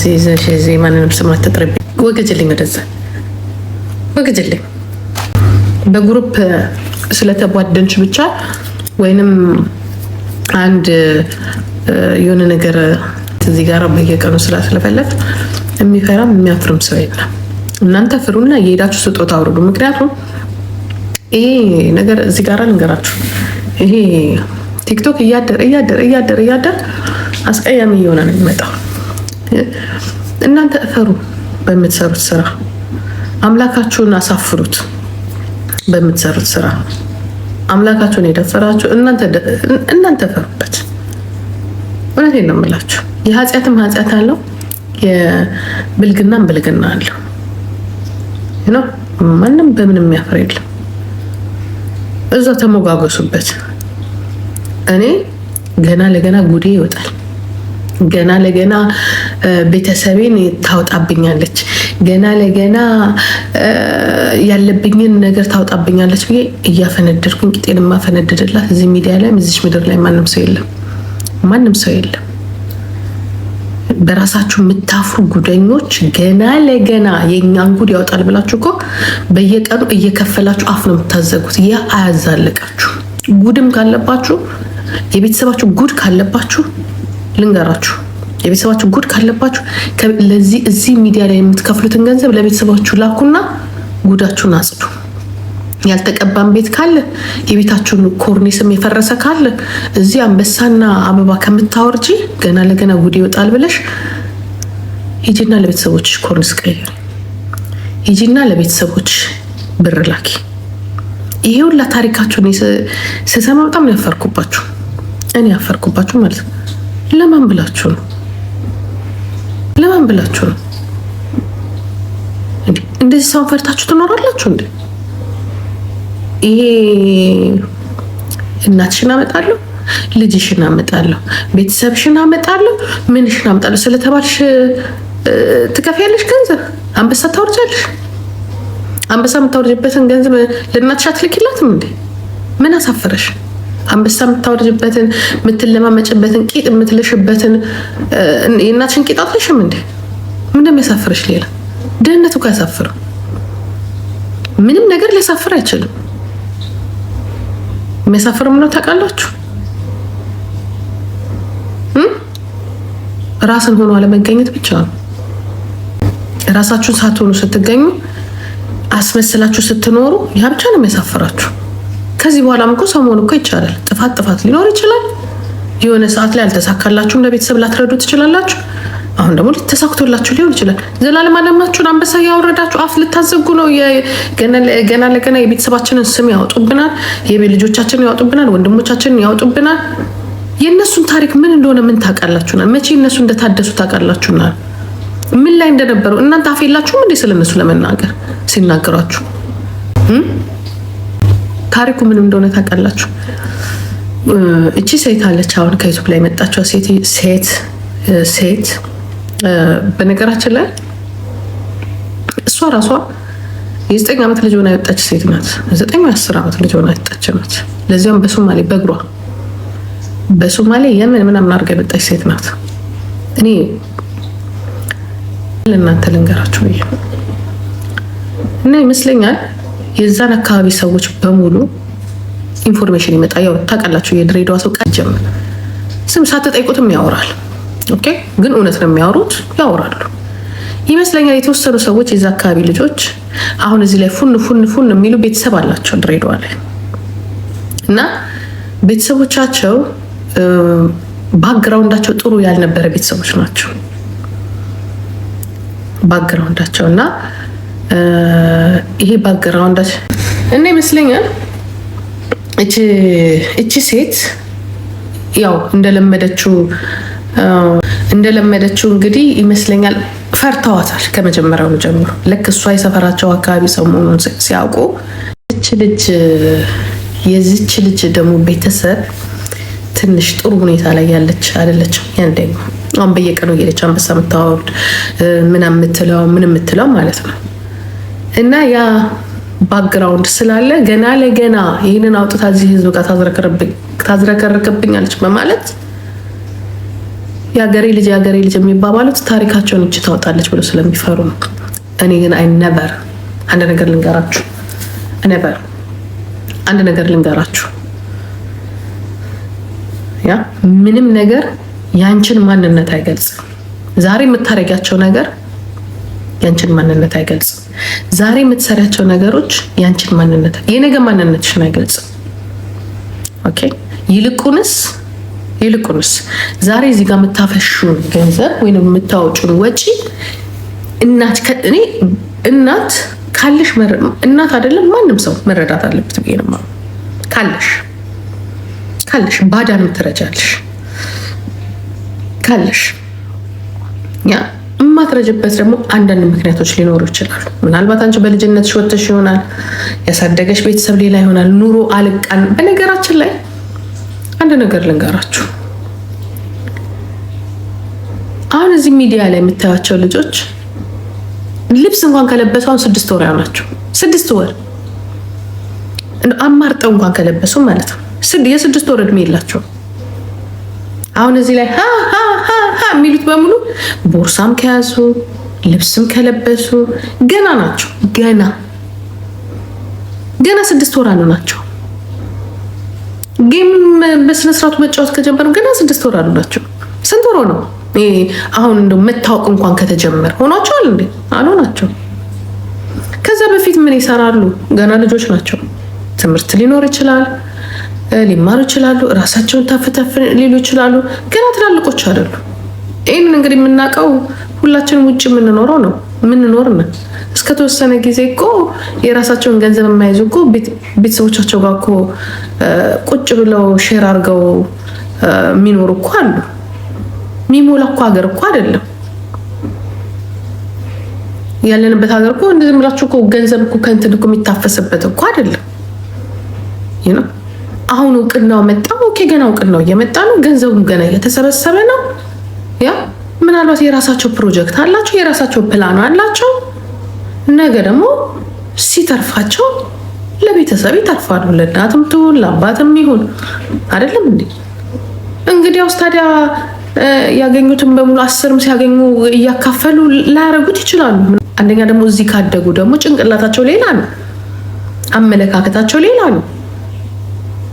እንደዚህ ይዘሽ እዚህ ማንንም ስም አትጥሪብኝ። ወገጅልኝ፣ ወደዛ ወገጅልኝ። በግሩፕ ስለተቧደንች ብቻ ወይንም አንድ የሆነ ነገር እዚህ ጋር በየቀኑ ስራ ስለፈለግ የሚፈራም የሚያፍርም ሰው የለም። እናንተ ፍሩና የሄዳችሁ ስጦታ አውርዱ። ምክንያቱም ይሄ ነገር እዚህ ጋር ልንገራችሁ፣ ይሄ ቲክቶክ እያደር እያደር እያደር እያደር አስቀያሚ እየሆነ ነው የሚመጣው። እናንተ እፈሩ በምትሰሩት ስራ፣ አምላካችሁን አሳፍሩት በምትሰሩት ስራ። አምላካችሁን የደፈራችሁ እናንተ እፈሩበት። እውነት ነው የምላችሁ። የኃጢአትም ኃጢአት አለው፣ የብልግናም ብልግና አለው። ነው ማንም በምንም የሚያፍር የለም። እዛ ተሞጋገሱበት። እኔ ገና ለገና ጉዴ ይወጣል። ገና ለገና ቤተሰቤን ታወጣብኛለች፣ ገና ለገና ያለብኝን ነገር ታወጣብኛለች ብዬ እያፈነደድኩኝ ቂጤን ማፈነደድላት እዚህ ሚዲያ ላይም እዚች ምድር ላይ ማንም ሰው የለም፣ ማንም ሰው የለም። በራሳችሁ የምታፍሩ ጉደኞች ገና ለገና የእኛን ጉድ ያወጣል ብላችሁ እኮ በየቀኑ እየከፈላችሁ አፍ ነው የምታዘጉት። ያ አያዛልቃችሁ። ጉድም ካለባችሁ የቤተሰባችሁ ጉድ ካለባችሁ ልንገራችሁ የቤተሰባችሁ ጉድ ካለባችሁ ለዚህ እዚህ ሚዲያ ላይ የምትከፍሉትን ገንዘብ ለቤተሰባችሁ ላኩና ጉዳችሁን አጽዱ። ያልተቀባን ቤት ካለ የቤታችሁን ኮርኒስም የፈረሰ ካለ እዚህ አንበሳና አበባ ከምታወርጂ ገና ለገና ጉድ ይወጣል ብለሽ ሂጂና ለቤተሰቦች ኮርኒስ ቀይር፣ ሂጂና ለቤተሰቦች ብር ላኪ። ይሄ ሁላ ታሪካችሁን ስሰማ በጣም ያፈርኩባችሁ፣ እኔ ያፈርኩባችሁ ማለት ነው። ለማን ብላችሁ ነው? ለማን ብላችሁ ነው? እንደዚህ ሰውን ፈርታችሁ ትኖራላችሁ እንዴ? ይሄ እናትሽን አመጣለሁ፣ ልጅሽን አመጣለሁ፣ ቤተሰብሽን አመጣለሁ፣ ምንሽን አመጣለሁ ስለተባልሽ ትከፍያለሽ ገንዘብ። አንበሳ ታወርጃለሽ። አንበሳ የምታወርጅበትን ገንዘብ ለእናትሽ አትልኪላትም እንዴ? ምን አሳፈረሽ? አንበሳ የምታወርጅበትን የምትለማመጭበትን ቂጥ የምትልሽበትን የእናትሽን ቂጥ አትልሽም እንዴ? ምን ያሳፍርሽ ሌላ ደህንነቱ ካያሳፍርም ምንም ነገር ሊያሳፍር አይችልም። የሚያሳፍር ነው ታውቃላችሁ። ራስን ሆኖ አለመገኘት ብቻ ነው። ራሳችሁን ሳትሆኑ ስትገኙ አስመስላችሁ ስትኖሩ ያ ብቻ ነው የሚያሳፍራችሁ። ከዚህ በኋላም እኮ ሰሞኑ እኮ ይቻላል። ጥፋት ጥፋት ሊኖር ይችላል። የሆነ ሰዓት ላይ አልተሳካላችሁም፣ ለቤተሰብ ላትረዱ ትችላላችሁ። አሁን ደግሞ ተሳክቶላችሁ ሊሆን ይችላል። ዘላለም አለማችሁን አንበሳ ያወረዳችሁ አፍ ልታዘጉ ነው። ገና ለገና የቤተሰባችንን ስም ያወጡብናል፣ የቤት ልጆቻችንን ያወጡብናል፣ ወንድሞቻችንን ያወጡብናል። የእነሱን ታሪክ ምን እንደሆነ ምን ታውቃላችሁና፣ መቼ እነሱ እንደታደሱ ታውቃላችሁና፣ ምን ላይ እንደነበሩ እናንተ አፍ የላችሁም እንዴ ስለነሱ ለመናገር ሲናገሯችሁ ታሪኩ ምንም እንደሆነ ታውቃላችሁ። እቺ ሴት አለች አሁን ከዩቱብ ላይ የመጣቸው ሴት ሴት በነገራችን ላይ እሷ ራሷ የዘጠኝ ዓመት ልጅ ሆና የወጣች ሴት ናት። ዘጠኝ አስር ዓመት ልጅ ሆና የወጣች ናት። ለዚያም በሶማሌ በእግሯ በሶማሌ የምን ምናምን አድርጋ የመጣች ሴት ናት። እኔ ለእናንተ ልንገራችሁ ብዬ እና ይመስለኛል የዛን አካባቢ ሰዎች በሙሉ ኢንፎርሜሽን ይመጣ። ያው ታውቃላችሁ የድሬዳዋ ሰው ጀምር ስም ሳትጠይቁትም ያወራል። ኦኬ ግን እውነት ነው የሚያወሩት፣ ያወራሉ ይመስለኛል። የተወሰኑ ሰዎች የዛ አካባቢ ልጆች አሁን እዚህ ላይ ፉን ፉን ፉን የሚሉ ቤተሰብ አላቸው ድሬዳዋ ላይ እና ቤተሰቦቻቸው ባክግራውንዳቸው ጥሩ ያልነበረ ቤተሰቦች ናቸው ባክግራውንዳቸው እና ይሄ ባክግራውንዳች እና ይመስለኛል እቺ ሴት ያው እንደለመደችው እንደለመደችው እንግዲህ ይመስለኛል ፈርተዋታል ከመጀመሪያው ጀምሮ። ልክ እሷ የሰፈራቸው አካባቢ ሰሞኑን ሲያውቁ ች ልጅ የዚች ልጅ ደግሞ ቤተሰብ ትንሽ ጥሩ ሁኔታ ላይ ያለች አይደለችም። ያንደኛ አሁን በየቀኑ እየሄደች አንበሳ የምታወርድ ምን የምትለው ምን የምትለው ማለት ነው እና ያ ባክግራውንድ ስላለ ገና ለገና ይህንን አውጥታ እዚህ ህዝብ ጋር ታዝረከርክብኛለች በማለት የአገሬ ልጅ የአገሬ ልጅ የሚባባሉት ታሪካቸውን እጅ ታወጣለች ብሎ ስለሚፈሩ ነው። እኔ ግን አይ ነበር አንድ ነገር ልንገራችሁ፣ ነበር አንድ ነገር ልንገራችሁ። ያ ምንም ነገር ያንችን ማንነት አይገልጽም። ዛሬ የምታረጊያቸው ነገር ያንችን ማንነት አይገልጽም። ዛሬ የምትሰሪያቸው ነገሮች ያንችን ማንነት የነገ ማንነትሽን አይገልጽም። ኦኬ። ይልቁንስ ይልቁንስ ዛሬ እዚህ ጋር የምታፈሹን ገንዘብ ወይም የምታወጩን ወጪ እናት እኔ እናት ካለሽ እናት አይደለም ማንም ሰው መረዳት አለበት ብዬ ነው። ካለሽ ካለሽ ባዳንም ትረጃለሽ ካለሽ ያ የማትረጅበት ደግሞ አንዳንድ ምክንያቶች ሊኖሩ ይችላሉ። ምናልባት አንቺ በልጅነት ወተሽ ይሆናል፣ ያሳደገሽ ቤተሰብ ሌላ ይሆናል፣ ኑሮ አልቃን። በነገራችን ላይ አንድ ነገር ልንገራችሁ። አሁን እዚህ ሚዲያ ላይ የምታያቸው ልጆች ልብስ እንኳን ከለበሱ አሁን ስድስት ወር ያሆናቸው ስድስት ወር አማርጠው እንኳን ከለበሱ ማለት ነው። የስድስት ወር እድሜ የላቸውም። አሁን እዚህ ላይ የሚሉት በሙሉ ቦርሳም ከያዙ ልብስም ከለበሱ ገና ናቸው። ገና ገና ስድስት ወር አሉ ናቸው። ጌም በስነስርዓቱ መጫወት ከጀመሩ ገና ስድስት ወር አሉ ናቸው። ስንት ወሮ ነው? አሁን እንደው መታወቅ እንኳን ከተጀመረ ሆኗቸዋል እንዴ? አሉ ናቸው። ከዛ በፊት ምን ይሰራሉ? ገና ልጆች ናቸው። ትምህርት ሊኖር ይችላል። ሊማሩ ይችላሉ። ራሳቸውን ተፍተፍ ሊሉ ይችላሉ። ገና ትላልቆች አይደሉ። ይህንን እንግዲህ የምናውቀው ሁላችንም ውጭ የምንኖረው ነው የምንኖር ነ እስከ ተወሰነ ጊዜ እኮ የራሳቸውን ገንዘብ የማይዙ እኮ ቤተሰቦቻቸው ጋር እኮ ቁጭ ብለው ሼር አድርገው የሚኖሩ እኮ አሉ። የሚሞላ እኮ ሀገር እኮ አይደለም ያለንበት ሀገር እኮ እንደዚህ ብላችሁ ገንዘብ እኮ ከእንትን እኮ የሚታፈስበት እኮ አይደለም። አሁን እውቅናው መጣ። ኦኬ ገና እውቅናው እየመጣ ነው። ገንዘቡም ገና እየተሰበሰበ ነው። ያ ምናልባት የራሳቸው ፕሮጀክት አላቸው፣ የራሳቸው ፕላኑ አላቸው። ነገ ደግሞ ሲተርፋቸው ለቤተሰብ ይተርፋሉ። ለእናትም ትሁን ለአባትም ይሁን አይደለም እንዴ? እንግዲያውስ ታዲያ ያገኙትን በሙሉ አስርም ሲያገኙ እያካፈሉ ላያረጉት ይችላሉ። አንደኛ ደግሞ እዚህ ካደጉ ደግሞ ጭንቅላታቸው ሌላ ነው፣ አመለካከታቸው ሌላ ነው።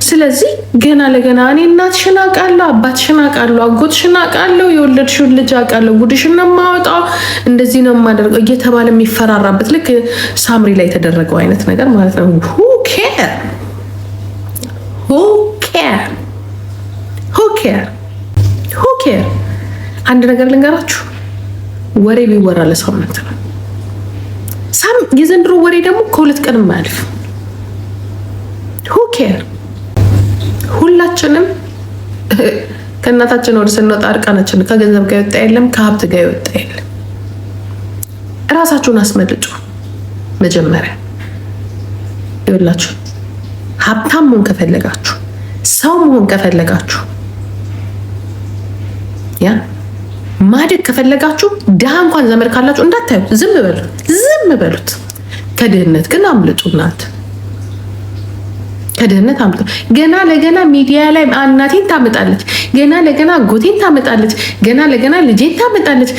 ስለዚህ ገና ለገና እኔ እናትሽን አውቃለሁ፣ አባትሽን አውቃለሁ፣ አጎትሽን አውቃለሁ፣ የወለድሽውን ልጅ አውቃለሁ፣ ጉድሽን ነው የማወጣው፣ እንደዚህ ነው የማደርገው እየተባለ የሚፈራራበት ልክ ሳምሪ ላይ የተደረገው አይነት ነገር ማለት ነው። አንድ ነገር ልንገራችሁ፣ ወሬ ቢወራ ለሳምንት ነው። የዘንድሮ ወሬ ደግሞ ከሁለት ቀን ማያልፍ ሁ ኬር ሁላችንም ከእናታችን ወደ ስንወጣ እርቃናችን ከገንዘብ ጋር ይወጣ የለም፣ ከሀብት ጋር ይወጣ የለም። እራሳችሁን አስመልጩ። መጀመሪያ ይወላችሁ ሀብታም መሆን ከፈለጋችሁ፣ ሰው መሆን ከፈለጋችሁ፣ ያ ማደግ ከፈለጋችሁ ድሃ እንኳን ዘመድ ካላችሁ እንዳታዩት፣ ዝም በሉት፣ ዝም በሉት። ከድህነት ግን አምልጡ እናንተ ከድህነት አምጥ ገና ለገና ሚዲያ ላይ እናቴን ታመጣለች፣ ገና ለገና አጎቴን ታመጣለች፣ ገና ለገና ልጄን ታመጣለች።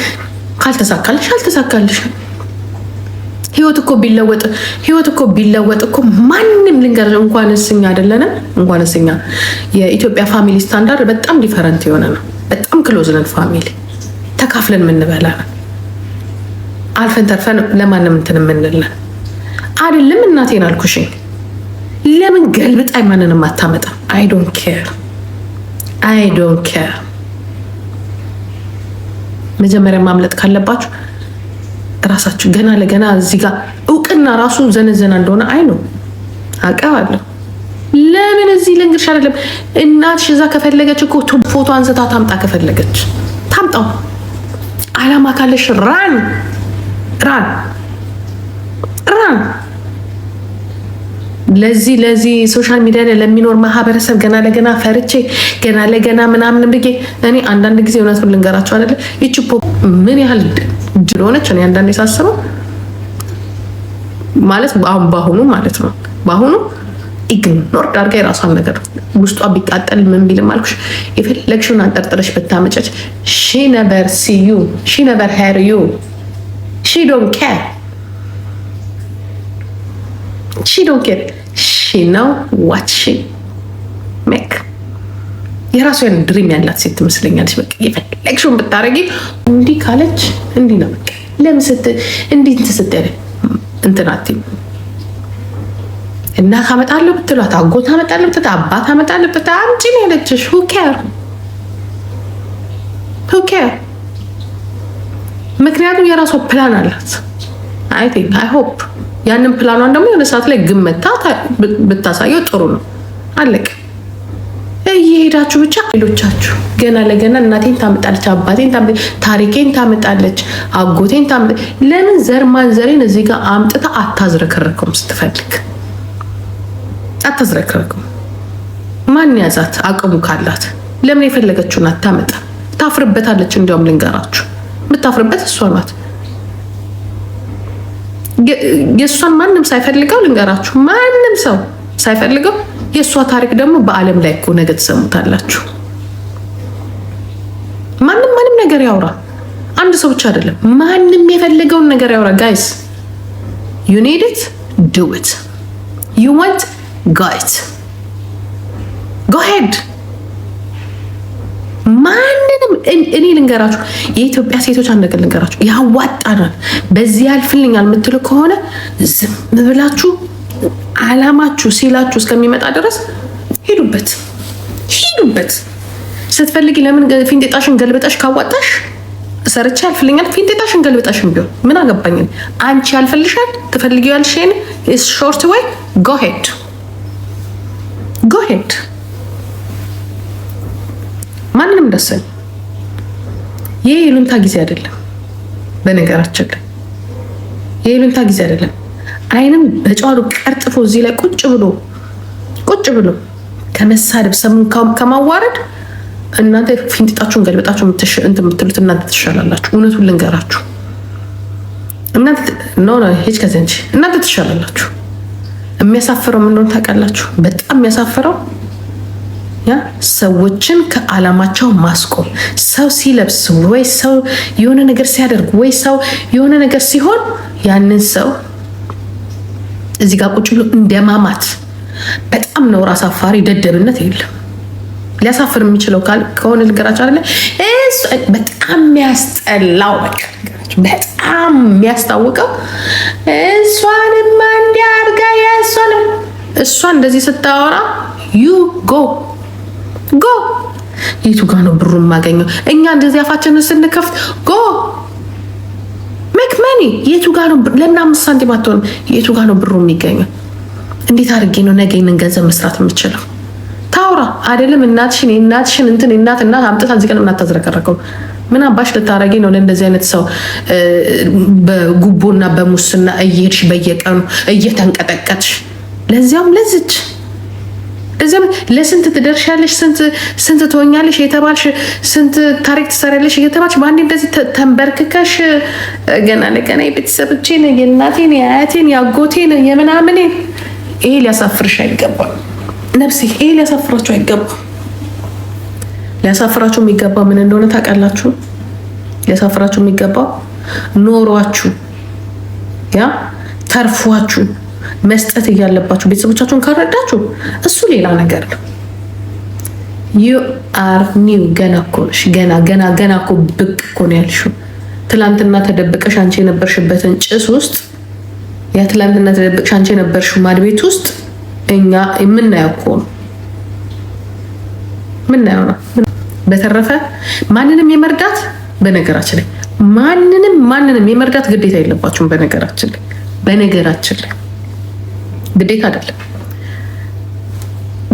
ካልተሳካልሽ አልተሳካልሽ። ህይወት እኮ ቢለወጥ ህይወት እኮ ቢለወጥ እኮ ማንም ልንገር እንኳን እስኛ አይደለንም እንኳን እስኛ የኢትዮጵያ ፋሚሊ ስታንዳርድ በጣም ዲፈረንት የሆነ ነው። በጣም ክሎዝነን ፋሚሊ ተካፍለን የምንበላ አልፈን ተርፈን ለማንም እንትን የምንለን አይደለም። እናቴን አልኩሽኝ ለምን ገልብጣ ማንንም አታመጣም? አይ ዶንት ኬር አይ ዶንት ኬር። መጀመሪያ ማምለጥ ካለባችሁ እራሳችሁ ገና ለገና እዚህ ጋር እውቅና ራሱ ዘነዘና እንደሆነ አይ ነው አውቃለሁ። ለምን እዚህ ለእንግርሽ አይደለም። እናትሽ እዛ ከፈለገች እኮ ፎቶ አንስታ ታምጣ፣ ከፈለገች ታምጣው። አላማ ካለሽ ራን ራን ራን ለዚህ ለዚህ ሶሻል ሚዲያ ላይ ለሚኖር ማህበረሰብ ገና ለገና ፈርቼ ገና ለገና ምናምን ብዬ እኔ አንዳንድ ጊዜ እውነቱን ልንገራቸው አለ ይች ምን ያህል ድል ሆነች። እኔ አንዳንድ የሳስበው ማለት አሁን በአሁኑ ማለት ነው በአሁኑ ኢግኖር ዳርጋ የራሷን ነገር ውስጧ ቢቃጠል ምን ቢልም አልኩሽ የፈለግሽውን አንጠርጥረሽ ብታመጨች ሺ ነበር ሲዩ ሺ ነበር ሄር ዩ ሺ ዶን ኬር ሺ ዶን ኬር ሺ ነው ዋት ሺ ሜክ። የራሷን ድሪም ያላት ሴት ትመስለኛለች። በቃ የፈለግሽውን ብታረጊ እንዲህ ካለች እንዲህ ነው በቃ ለምን ስት እንዲህ ስትል እንትናት እና ካመጣለሁ ብትሏት አጎት አመጣለሁ ብትሏት አባት አመጣለሁ ብትሏት አምጪ ነው ያለችሽ። ሁ ኬር ሁ ኬር። ምክንያቱም የራሷ ፕላን አላት። አይ ቲንክ አይ ሆፕ ያንን ፕላኗን ደግሞ የሆነ ሰዓት ላይ ግመታ ብታሳየው ጥሩ ነው። አለቀ። እየሄዳችሁ ብቻ ሌሎቻችሁ ገና ለገና እናቴን ታመጣለች፣ አባቴን ታሪኬን ታመጣለች፣ አጎቴን ለምን ዘር ማንዘሬን እዚህ ጋር አምጥታ አታዝረክረከም? ስትፈልግ አታዝረክረከም። ማን ያዛት? አቅሙ ካላት ለምን የፈለገችውን አታመጣ? ታፍርበታለች። እንዲያውም ልንገራችሁ፣ የምታፍርበት እሷ ናት። የእሷን ማንም ሳይፈልገው ልንገራችሁ፣ ማንም ሰው ሳይፈልገው የእሷ ታሪክ ደግሞ በዓለም ላይ እኮ ነገ ትሰሙታላችሁ። ማንም ማንም ነገር ያውራ፣ አንድ ሰው ብቻ አይደለም። ማንም የፈለገውን ነገር ያውራ። ጋይስ ዩ ኒድ ኢት ዱ ኢት ዩ ዋንት ጎ ሄድ ማንንም እኔ ልንገራችሁ፣ የኢትዮጵያ ሴቶች አንድ ነገር ልንገራችሁ፣ ያዋጣናል፣ በዚህ ያልፍልኛል የምትሉ ከሆነ ዝም ብላችሁ አላማችሁ ሲላችሁ እስከሚመጣ ድረስ ሂዱበት፣ ሂዱበት። ስትፈልጊ ለምን ፊንጤጣሽን ገልብጠሽ ካዋጣሽ ሰርቼ ያልፍልኛል። ፊንጤጣሽን ገልብጠሽን ቢሆን ምን አገባኝ? አንቺ ያልፍልሻል። ትፈልጊ ያልሽን ሾርት ወይ ጎሄድ ጎሄድ ማንንም ደስ አይልም። ይህ የሉንታ ጊዜ አይደለም። በነገራችን ላይ ይህ የሉንታ ጊዜ አይደለም። አይንም በጨዋሉ ቀርጥፎ እዚህ ላይ ቁጭ ብሎ ቁጭ ብሎ ከመሳደብ ሰሙን ከማዋረድ እናንተ ፊንጢጣችሁን ገልበጣችሁ የምትሉት እናንተ ትሻላላችሁ። እውነቱን ልንገራችሁ ሄጅ ከዚ እናንተ ትሻላላችሁ። የሚያሳፍረው ምን እንደሆነ ታውቃላችሁ? በጣም የሚያሳፍረው ያ ሰዎችን ከዓላማቸው ማስቆም ሰው ሲለብስ ወይ ሰው የሆነ ነገር ሲያደርግ ወይ ሰው የሆነ ነገር ሲሆን ያንን ሰው እዚህ ጋር ቁጭ ብሎ እንደማማት በጣም ነው ራስ አፋሪ ደደብነት የለም። ሊያሳፍር የሚችለው ከሆነ ልንገራቸው አለ በጣም የሚያስጠላው በጣም የሚያስታውቀው እሷንም እንዲያርገ የእሷንም እሷ እንደዚህ ስታወራ ዩ ጎ ጎ የቱ ጋ ነው ብሩ የማገኘው? እኛ እንደዚህ አፋችንን ስንከፍት ጎ ሜክ መኒ የቱ ጋ ነው? ለና ሳንቲም አትሆንም። የቱ ጋ ነው ብሩ የሚገኘው? እንዴት አድርጌ ነው ነገ ይህንን ገንዘብ መስራት የምችለው? ታውራ አይደለም እናትሽን እናትሽን እንትን እናት እናት አምጥታ እዚህ ቀን እናታዝረከረከው ምን አባሽ ልታረጊ ነው? ለእንደዚህ አይነት ሰው በጉቦና በሙስና እየሄድሽ በየቀኑ እየተንቀጠቀጥሽ ለዚያም ለዝች እዚም ለስንት ትደርሻለሽ፣ ስንት ትሆኛለሽ የተባልሽ ስንት ታሪክ ትሰሪያለሽ የተባልሽ፣ በአንድ እንደዚህ ተንበርክከሽ ገና ለገና የቤተሰብቼን፣ የእናቴን፣ የአያቴን፣ የአጎቴን፣ የምናምኔ ይሄ ሊያሳፍርሽ አይገባም። ነፍሴ ይሄ ሊያሳፍራችሁ አይገባም። ሊያሳፍራችሁ የሚገባ ምን እንደሆነ ታውቃላችሁ? ሊያሳፍራችሁ የሚገባ ኖሯችሁ ያ ተርፏችሁ መስጠት እያለባችሁ ቤተሰቦቻችሁን ካረዳችሁ እሱ ሌላ ነገር ነው። ዩ አር ኒው ገና እኮ ነሽ። ገና ገና ገና እኮ ብቅ እኮ ነው ያልሽው። ትላንትና ተደብቀሽ አንቺ የነበርሽበትን ጭስ ውስጥ ያ ትላንትና ተደብቀሽ አንቺ የነበርሽው ማድቤት ውስጥ እኛ የምናየው እኮ ነው ምናየው ነው። በተረፈ ማንንም የመርዳት በነገራችን ላይ ማንንም ማንንም የመርዳት ግዴታ የለባችሁም። በነገራችን ላይ በነገራችን ላይ ግዴታ አይደለም፣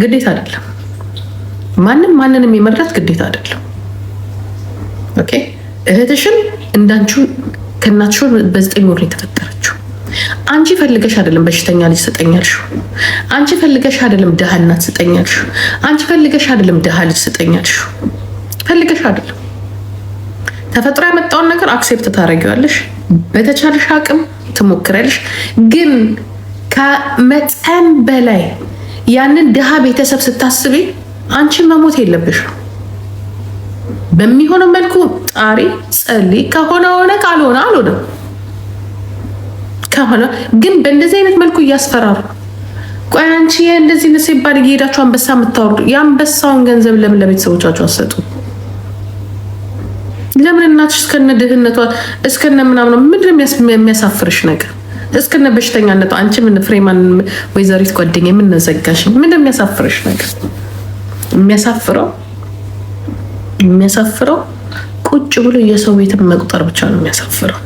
ግዴታ አይደለም። ማንም ማንንም የመርዳት ግዴታ አይደለም። ኦኬ እህትሽን እንዳንቺ ከእናትሽ በዘጠኝ ወር የተፈጠረችው አንቺ ፈልገሽ አይደለም። በሽተኛ ልጅ ስጠኛልሽ፣ አንቺ ፈልገሽ አይደለም። ድሃ እናት ስጠኛልሽ፣ አንቺ ፈልገሽ አይደለም። ድሃ ልጅ ስጠኛልሽ፣ ፈልገሽ አይደለም። ተፈጥሮ ያመጣውን ነገር አክሴፕት ታደርጊዋለሽ። በተቻለሽ አቅም ትሞክሪያለሽ ግን ከመጠን በላይ ያንን ድሃ ቤተሰብ ስታስቢ አንቺ መሞት የለብሽ። በሚሆነ መልኩ ጣሪ ጸሊ ከሆነ ሆነ፣ ካልሆነ አልሆነም። ከሆነ ግን በእንደዚህ አይነት መልኩ እያስፈራሩ ቆይ አንቺ እንደዚህ ነስ ይባል እየሄዳችሁ አንበሳ የምታወርዱ የአንበሳውን ገንዘብ ለምን ለቤተሰቦቻችሁ አሰጡ? ለምን እናትሽ እስከነ ድህነቷ እስከነ ምናምነው ምንድን የሚያሳፍርሽ ነገር እስከነ በሽተኛነቱ አንቺ ምን ፍሬማን ወይዘሪት ጓደኛ የምንዘጋሽ ምን የሚያሳፍርሽ ነገር? የሚያሳፍረው የሚያሳፍረው ቁጭ ብሎ የሰው ቤትን መቁጠር ብቻ ነው የሚያሳፍረው።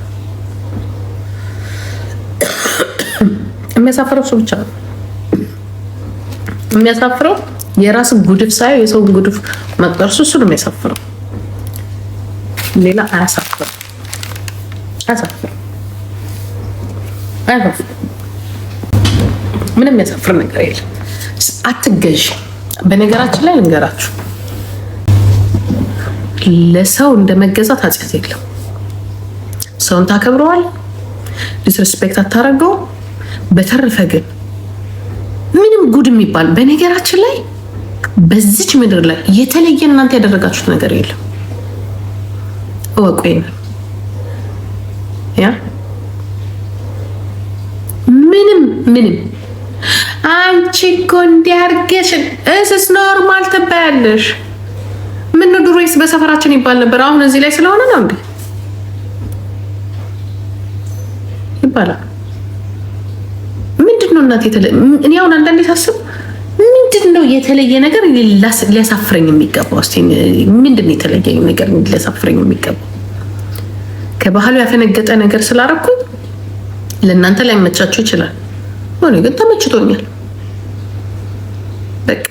የሚያሳፍረው ሰው ብቻ ነው የሚያሳፍረው። የራስን ጉድፍ ሳይሆን የሰውን ጉድፍ መቁጠር እሱ ነው የሚያሳፍረው። ሌላ አያሳፍርም። ምንም የሚያሳፍር ነገር የለም። አትገዥ። በነገራችን ላይ ልንገራችሁ፣ ለሰው እንደ መገዛት ኃጢአት የለም። ሰውን ታከብረዋል፣ ዲስሬስፔክት አታደርገው። በተረፈ ግን ምንም ጉድ የሚባል በነገራችን ላይ በዚች ምድር ላይ የተለየ እናንተ ያደረጋችሁት ነገር የለም። እወቁ ይሄንን ያ ምንም አንቺ እኮ እንዲያርገሽ እስስ ኖርማል ትባያለሽ። ምን ድሮስ በሰፈራችን ይባል ነበር። አሁን እዚህ ላይ ስለሆነ ነው እንዴ ይባላል። ምንድን ነው እናቴ የተለየ? እኔ አሁን አንዳንዴ ሳስብ ምንድን ነው የተለየ ነገር ሊያሳፍረኝ የሚገባው? እስኪ ምንድን ነው የተለየ ነገር ሊያሳፍረኝ የሚገባው? ከባህሉ ያፈነገጠ ነገር ስላረኩኝ ለእናንተ ላይመቻችሁ ይችላል። እኔ ግን ተመችቶኛል። በቃ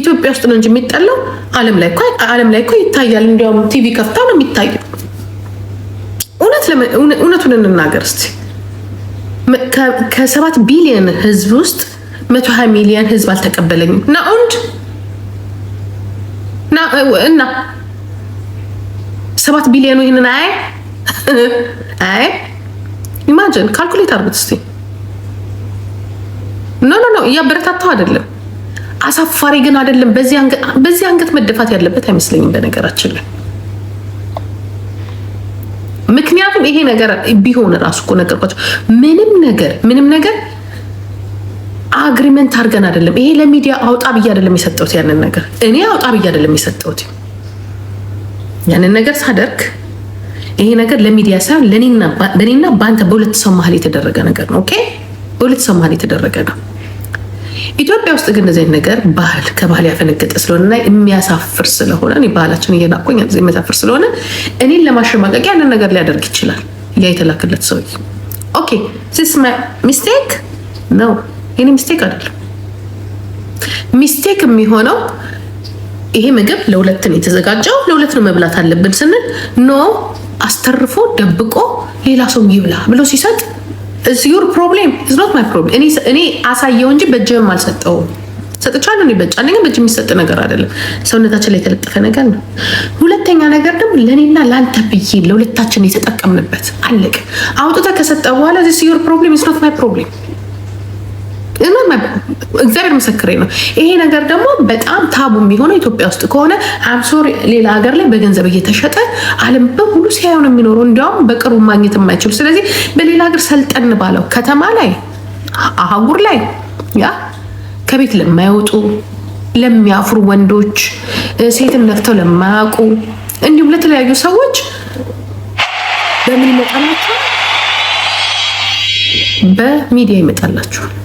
ኢትዮጵያ ውስጥ ነው እንጂ የሚጠላው ዓለም ላይ እኮ ዓለም ላይ እኮ ይታያል። እንዲያውም ቲቪ ከፍታ ነው የሚታየው። እውነቱን እንናገር እስቲ ከሰባት ቢሊዮን ህዝብ ውስጥ መቶ ሀያ ሚሊዮን ህዝብ አልተቀበለኝም እና አንድ እና ሰባት ቢሊዮኑ ይህንን አይ አይ ኢማጅን ካልኩሌት አርጉት እስቲ እያበረታታው አይደለም። አሳፋሪ ግን አይደለም። በዚህ አንገት መደፋት ያለበት አይመስለኝም በነገራችን ላይ ምክንያቱም ይሄ ነገር ቢሆን እራሱ እኮ ነገርኳቸው። ምንም ነገር ምንም ነገር አግሪመንት አድርገን አይደለም። ይሄ ለሚዲያ አውጣ ብዬ አይደለም የሰጠሁት ያንን ነገር እኔ አውጣ ብዬ አይደለም የሰጠሁት ያንን ነገር ሳደርግ ይሄ ነገር ለሚዲያ ሳይሆን ለእኔና በአንተ በሁለት ሰው መሀል የተደረገ ነገር ነው። ኦኬ፣ በሁለት ሰው መሀል የተደረገ ነው። ኢትዮጵያ ውስጥ ግን እንደዚህ ነገር ባህል ከባህል ያፈነገጠ ስለሆነና የሚያሳፍር ስለሆነ ባህላችን እየናቆኝ የሚያሳፍር ስለሆነ እኔን ለማሸማቀቅ ያንን ነገር ሊያደርግ ይችላል። ያ የተላክለት ሰው ኦኬ ስ ሚስቴክ ነው። ይህ ሚስቴክ አይደለም። ሚስቴክ የሚሆነው ይሄ ምግብ ለሁለት ነው የተዘጋጀው፣ ለሁለት ነው መብላት አለብን ስንል ኖ አስተርፎ ደብቆ ሌላ ሰው ይብላ ብሎ ሲሰጥ ዩር ፕሮብሌም ኢዝ ኖት ማይ ፕሮብሌም። እኔ አሳየው እንጂ በእጅህም አልሰጠውም። ሰጥቻለሁ እኔ በእጅ አንደኛ፣ በእጅ የሚሰጥ ነገር አይደለም፣ ሰውነታችን ላይ የተለጠፈ ነገር ነው። ሁለተኛ ነገር ደግሞ ለእኔና ለአንተ ብዬ ለሁለታችን የተጠቀምንበት አለቀ። አውጥተህ ከሰጠ በኋላ ዚስ ዩር ፕሮብሌም ኢዝ ኖት ማይ ፕሮብሌም እግዚአብሔር ምስክሬ ነው። ይሄ ነገር ደግሞ በጣም ታቡ የሚሆነው ኢትዮጵያ ውስጥ ከሆነ አምሶር ሌላ ሀገር ላይ በገንዘብ እየተሸጠ ዓለም በሙሉ ሲያዩ ነው የሚኖረው፣ እንዲያውም በቅርቡ ማግኘት የማይችሉ ስለዚህ በሌላ ሀገር ሰልጠን ባለው ከተማ ላይ አህጉር ላይ ያ ከቤት ለማይወጡ ለሚያፍሩ ወንዶች ሴትን ነፍተው ለማያውቁ እንዲሁም ለተለያዩ ሰዎች በምን ይመጣላቸዋል? በሚዲያ ይመጣላቸዋል።